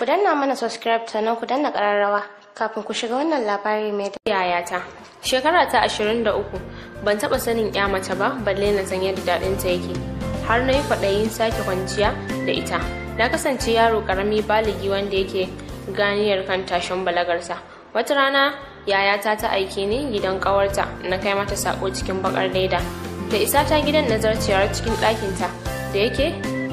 ku danna mana subscribe sannan ku danna ƙararrawa kafin ku shiga wannan labari mai yayata shekara ta 23 ban taɓa sanin ya mace ba balle na san yadda daɗin ta yake har na yi kwaɗayin sake kwanciya da ita na kasance yaro karami baligi wanda yake ganiyar kan tashin balagarsa wata rana yayata ta aike ne gidan ƙawarta na kai mata sako cikin bakar leda da isa ta gidan nazarciyar cikin ɗakinta da yake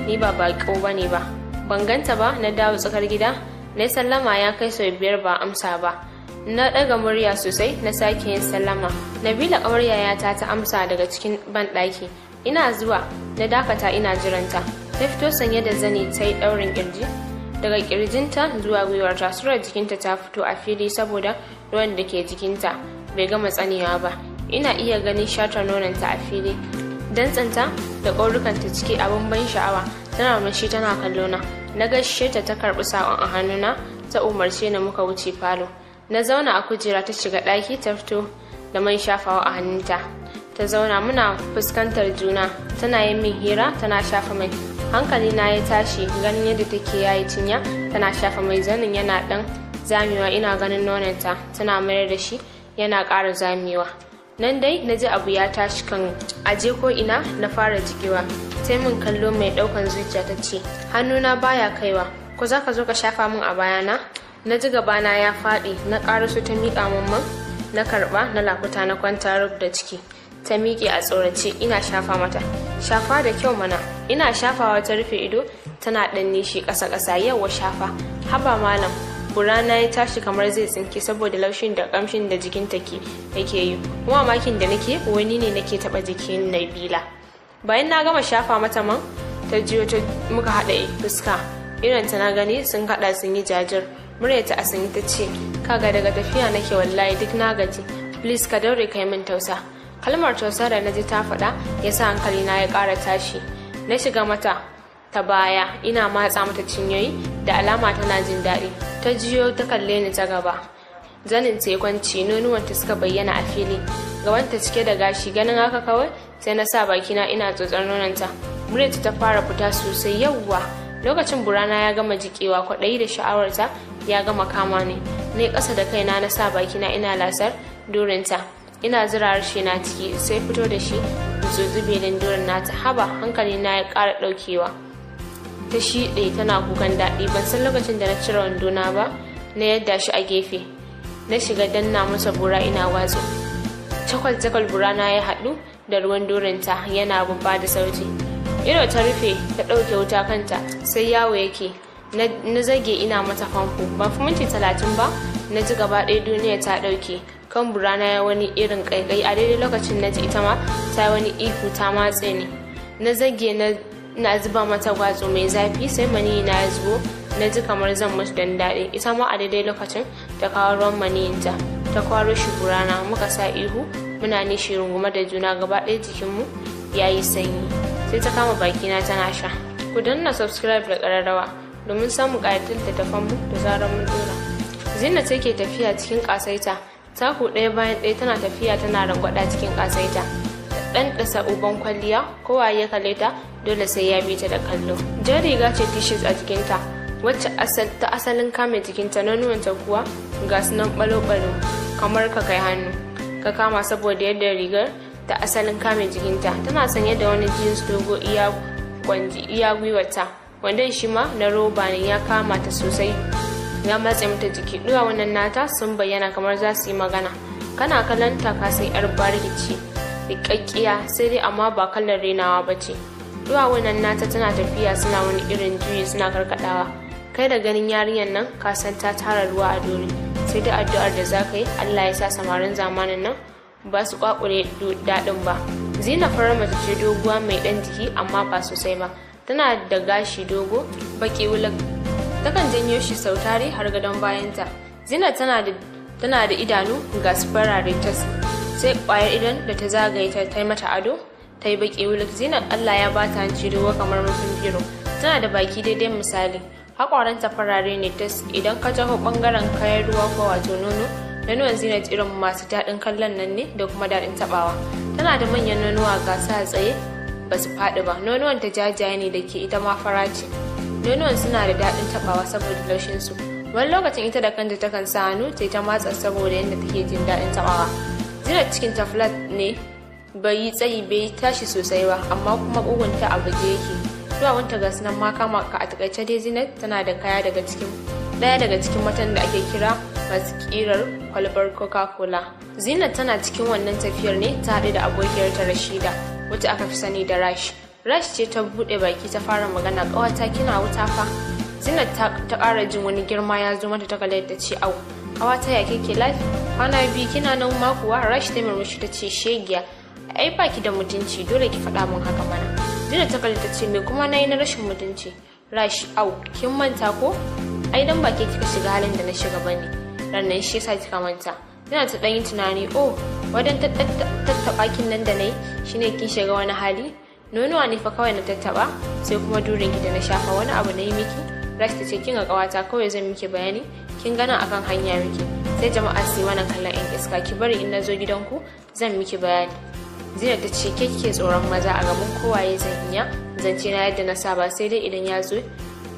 ni ba baƙo ba ne ba ban ganta ba na dawo tsakar gida na yi sallama ya kai sau biyar ba amsa ba na ɗaga murya sosai na sake yin sallama nabila ƙawar yayata ta amsa daga cikin banɗaki ina zuwa na dakata ina jiranta ta fito sanye da zani ta yi ɗaurin ƙirji daga ƙirjinta zuwa gwiwarta surar jikinta ta fito a fili saboda ruwan da ke jikinta bai gama tsanewa ba ina iya ganin shatar nononta a fili dantsanta da ƙaurukanta ciki abin ban sha'awa tana mashi tana kallo na na gaishe ta ta karbi sakon a hannuna ta umarce ni muka wuce falo na zauna a kujera ta shiga ɗaki ta fito da man shafawa a hannunta ta zauna muna fuskantar juna tana yin min hira tana shafa mai hankali na ya tashi ganin yadda take yayi cinya tana shafa mai zanin yana dan zamewa ina ganin nonanta tana mayar da shi yana ƙara zamewa nan dai na ji abu ya tashi kan aje ko ina na fara jikewa sai min kallo mai ɗaukan zuciya ta ce hannuna baya kaiwa ko za ka zo ka shafa min a bayana na ji gabana ya faɗi na su ta miƙa mamman na karɓa na lakuta na kwanta rub da ciki ta miƙe a tsorace ina shafa mata shafa da kyau mana ina shafawa ta rufe ido tana ɗan nishi ƙasa-ƙasa yawa shafa haba malam burana ya tashi kamar zai tsinke saboda laushin da kamshin da jikinta ke yake yi kuma mamakin da nake wani ne nake taɓa jikin nabila bayan na gama shafa mata man ta jiyo ta muka haɗa fuska irin ta na gani sun haɗa sun yi jajir murya ta asin ta ce kaga daga tafiya nake wallahi duk na gaji please ka daure kai min tausa kalmar tausa da na ta faɗa ya sa hankali na ya ƙara tashi na shiga mata ta baya ina matsa mata cinyoyi da alama tana jin daɗi ta jiyo ta kalle ni ta gaba zanin tekwanci nonuwanta suka bayyana a fili gabanta cike da gashi ganin haka kawai sai na sa bakina ina tsotsar nononta muryarta ta fara fita sosai yawwa lokacin burana ya gama jikewa kwaɗayi da sha'awarta ya gama kama ne ne ƙasa da kaina na sa bakina ina lasar durinta ina zira harshe na ciki sai fito da shi zuzube don na ta haba hankali na ya ƙara ɗaukewa ta shiɗe tana kukan daɗi ban san lokacin da na cire na ba na yadda shi a gefe na shiga danna masa bura ina watsu cakwal-cakwal burana ya haɗu da ruwan dorinta yana bubba da sauti ido ta rufe ta ɗauke wuta kanta sai yawo yake na zage ina mata famfo ba fi minti talatin ba na ji gaba ɗaya duniya ta ɗauke kan burana ya wani irin ƙaiƙai a daidai lokacin na ji ita ma ta wani iko ta matse ni na zage na zuba mata gwatsu mai zafi sai mani na ya zubo na ji kamar zan mutu dan daɗi ita ma a daidai lokacin ta kawo ruwan maniyinta ta kwaro shi burana muka sa ihu muna nishi rungume da juna gaba ɗaya jikinmu ya yi sanyi sai ta kama bakina tana sha ku danna subscribe da ƙararrawa domin samun ƙayatar da mu da zarar mun dora zina ce ke tafiya cikin ƙasaita taku ɗaya bayan ɗaya tana tafiya tana rangwada cikin ƙasaita ɗan ɗasa uban kwalliya kowa ya kalle ta dole sai ya bi ta da kallo jan riga ce tishes a jikinta wacce ta asalin kame jikinta ta kuwa ga sunan ɓalo-ɓalo kamar ka kai hannu ka kama saboda yadda rigar ta asalin kame jikinta tana sanye da wani jeans dogo iya gwiwata wanda shi ma na roba ne ya kama ta sosai ya matse mata jiki wannan nata sun bayyana kamar za su yi magana kana kallon ta ka sai yar barkici rikakkiya sai dai amma ba kallon renawa ba ce wannan nata tana tafiya suna wani irin juyi suna karkadawa kai da ganin yarinyar nan kasan ta tara ruwa a duniya sai da addu'ar da za ka yi allah ya sa samarin zamanin nan ba su kwakure daɗin ba zina fara mace ce doguwa mai ɗan jiki amma ba sosai ba tana da gashi dogo baki wulak takan janyo shi sautari har gadon bayanta zina tana da tana da idanu ga su farare sai kwayar idan da ta zagaye ta ta mata ado ta yi baki wulik zina allah ya ba ta hanci dogo kamar mutum biro tana da baki daidai misali ta farare ne ta idan ka jaho bangaren kayan ruwa ko wato nono nonuwan zinat irin masu daɗin kallon nan ne da kuma daɗin tabawa tana da manyan nonuwa ga sa tsaye ba su faɗi ba nonuwan ta jajaye ne da ke ita ma farace. nonuwan suna da daɗin taɓawa saboda laushin su wani lokacin ita da kanta takan sa hannu ta ta matsa saboda yadda take jin daɗin taɓawa zinat cikin ta flat ne bai yi tsayi bai tashi sosai ba amma kuma ƙugunta a buge yake Kulawanta ga sunan ma kama ka a takaice dai Zinat tana da kaya daga cikin daya daga cikin matan da ake kira masu kirar kwalbar Coca-Cola. Zinat tana cikin wannan tafiyar ne ta haɗu da abokiyar ta Rashida wacce aka fi sani da Rash. Rash ce ta bude baki ta fara magana ƙawata kina wuta fa. Zinat ta ƙara jin wani girma ya zo mata ta kalar da ce au. Ƙawata ya ke life Kwana biyu kina nan makuwa. kuwa Rash ta murmushi ta ce shegiya. Ai baki da mutunci dole ki faɗa mun haka mana. jina ta ce me kuma na yi na rashin mutunci rash au kin manta ko ai dan ba ke kika shiga halin da na shiga bane rannan shi yasa kika manta tana ta dan yi tunani oh wadan tattaba kin nan da nayi shine kin shiga wani hali nonuwa ne fa kawai na tattaba sai kuma durin ki da na shafa wani abu na yi miki rash ta ce kin ga kawata kawai zan miki bayani kin gana akan hanya miki sai jama'a su yi wannan kallon yan iska ki bari in na zo gidanku zan miki bayani Zina ta ce ke tsoron maza a gaban kowa zan iya zance na yadda na saba sai dai idan ya zo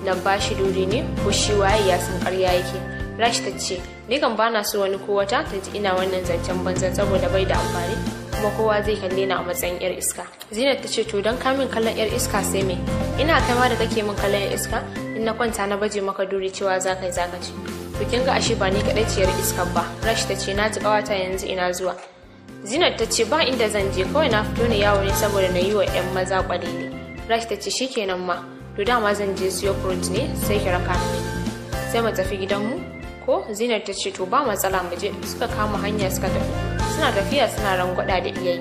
na bashi duri ne ko shi waye ya san ƙarya yake. Rash ta ce ni kan na so wani ko wata ta ji ina wannan zancen banzan saboda bai da amfani kuma kowa zai kalle ni a matsayin yar iska. Zinat ta ce to don kamin kallon yar iska sai me ina kai ma da kake min kallon yar iska in na kwanta na baje maka duri cewa za ka za ka ci. To kin ga ashe ba ni kaɗai ciyar iskar ba. Rash ta ce na ji ƙawata yanzu ina zuwa. Zinat ta ce ba inda zan je kawai na fito ne yawo ne saboda na yi wa 'yan maza kwalili. Rash ta ce kenan ma to dama zan je siyo fruit ne sai ki raka ni. Sai mu tafi gidanmu ko Zinat ta ce to ba matsala mu je suka kama hanya suka tafi. Suna tafiya suna rangwada da iyayi.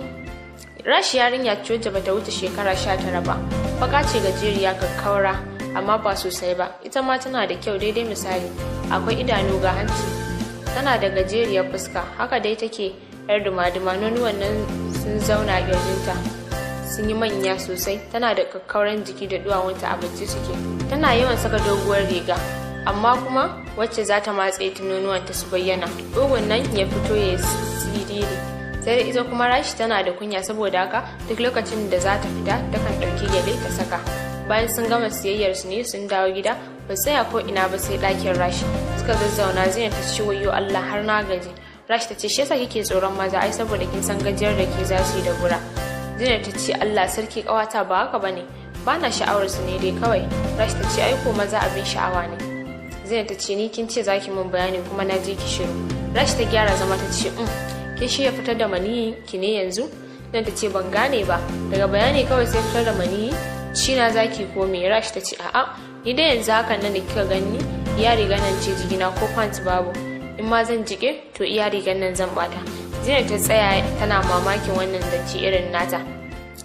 Rash yarinya ce wacce bata wuce shekara sha tara ba. Baka ce gajeriya kakkaura amma ba sosai ba ita ma tana da kyau daidai misali akwai idanu ga hanci tana da gajeriyar fuska haka dai take 'yar duma duma wannan sun zauna gajinta sun yi manya sosai tana da kakkauran jiki da duwawunta a bacci suke tana yawan saka doguwar riga amma kuma wacce za ta matse tunonuwanta su bayyana dogon nan ya fito ya siriri sai da ita kuma rashi tana da kunya saboda haka duk lokacin da za ta fita ta kan ɗauki gyale ta saka bayan sun gama siyayyar su ne sun dawo gida ba tsaya ko ina ba sai ɗakin rashi suka zazzauna zina ta ciwo Allah har na gaji rash ta ce shi yasa kike tsoron maza ai saboda kin san gajiyar da ke za su yi da gura zina ta ce allah sarki kawata ba haka bane ba na sha'awar su ne dai kawai rash ta ce aiko maza abin sha'awa ne zina ta ce ni kin ce za ki min bayani kuma na je ki shiru rash ta gyara zama ta ce um mm, ke shi ya fitar da maniyi ki ne yanzu zina ta ce ban gane ba daga bayani kawai sai fitar da maniyi shi na zaki ko me rash ta ce a'a ni dai yanzu hakan nan da kika gani ya riga nan ce jigina ko pants babu in ma zan jike to iya rigar nan zan bata zina ta tsaya tana mamakin wannan zance irin nata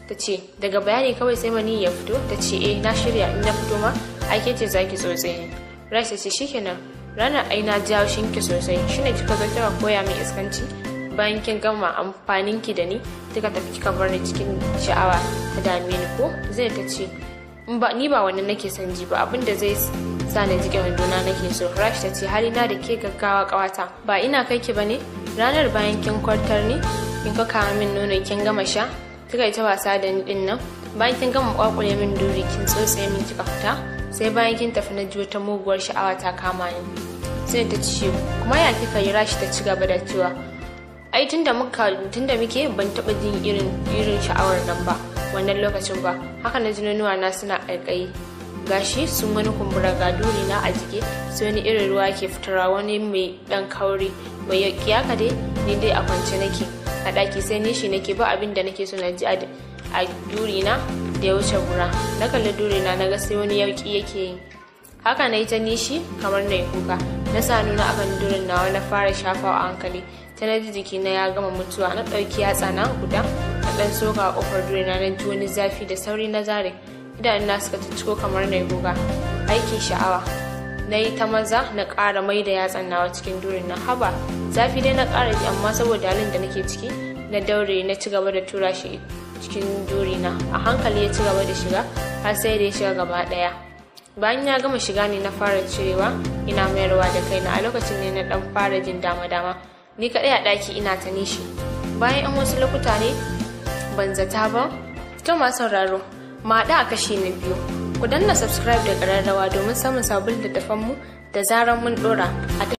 ta ce daga bayani kawai sai mani ya fito ta ce eh na shirya in na fito ma ake ce zaki sosai ne rice ta ce shikenan ranar ai na jawo shinki sosai shine kika zo kika koya min iskanci bayan kin gama amfanin ki da ni kika tafi kika bar ni cikin sha'awa ta dame ni ko zai ta ce ni ba wannan nake son ji ba abinda zai sa na jiƙe na ke so rash ta ce na da ke gaggawa kawata ba ina kai ki bane ranar bayan kin kwartar ne kin ka kawo min nono kin gama sha kika ita wasa da ni din nan bayan kin gama kwakule min duri kin tsotse min kika fita sai bayan kin tafi na juwa ta muguwar sha'awa ta kama ni sai ta ce kuma ya kika yi rash ta ci gaba da cewa ai tunda muka tunda muke ban taba jin irin irin sha'awar nan ba wannan lokacin ba haka na ji na suna ƙaiƙayi gashi sun wani kumbura ga duri na a jike sai wani irin ruwa ke fitarwa wani mai dan kauri mai yaki haka dai ni dai a kwance nake a daki sai nishi nake ba abin da nake so na ji a duri na da ya wuce gura na kalli duri na na ga sai wani yauki yake yi haka na yi ta nishi kamar na yi kuka na sa nuna akan durin nawa na fara shafa a hankali ta na jiki na ya gama mutuwa na ɗauki yatsa na guda na ɗan soka a ƙofar na na ji wani zafi da sauri na zare idanuna suka ko kamar na goga aikin sha'awa na yi ta maza na kara mai da yatsan nawa cikin durin na haba zafi dai na kara ji amma saboda halin da nake ciki na daure na ci gaba da tura shi cikin duri na a hankali ya ci gaba da shiga har sai da ya shiga gaba ɗaya bayan ya gama shiga ne na fara cirewa ina mayarwa da kaina a lokacin ne na ɗan fara jin dama-dama ni kaɗai a ɗaki ina ta nishi bayan 'yan wasu lokuta ne ban zata ba to ma sauraro maɗa a kashi na biyu ku danna subscribe da ƙararrawa domin samun sabon littattafanmu da zarar mun ɗora a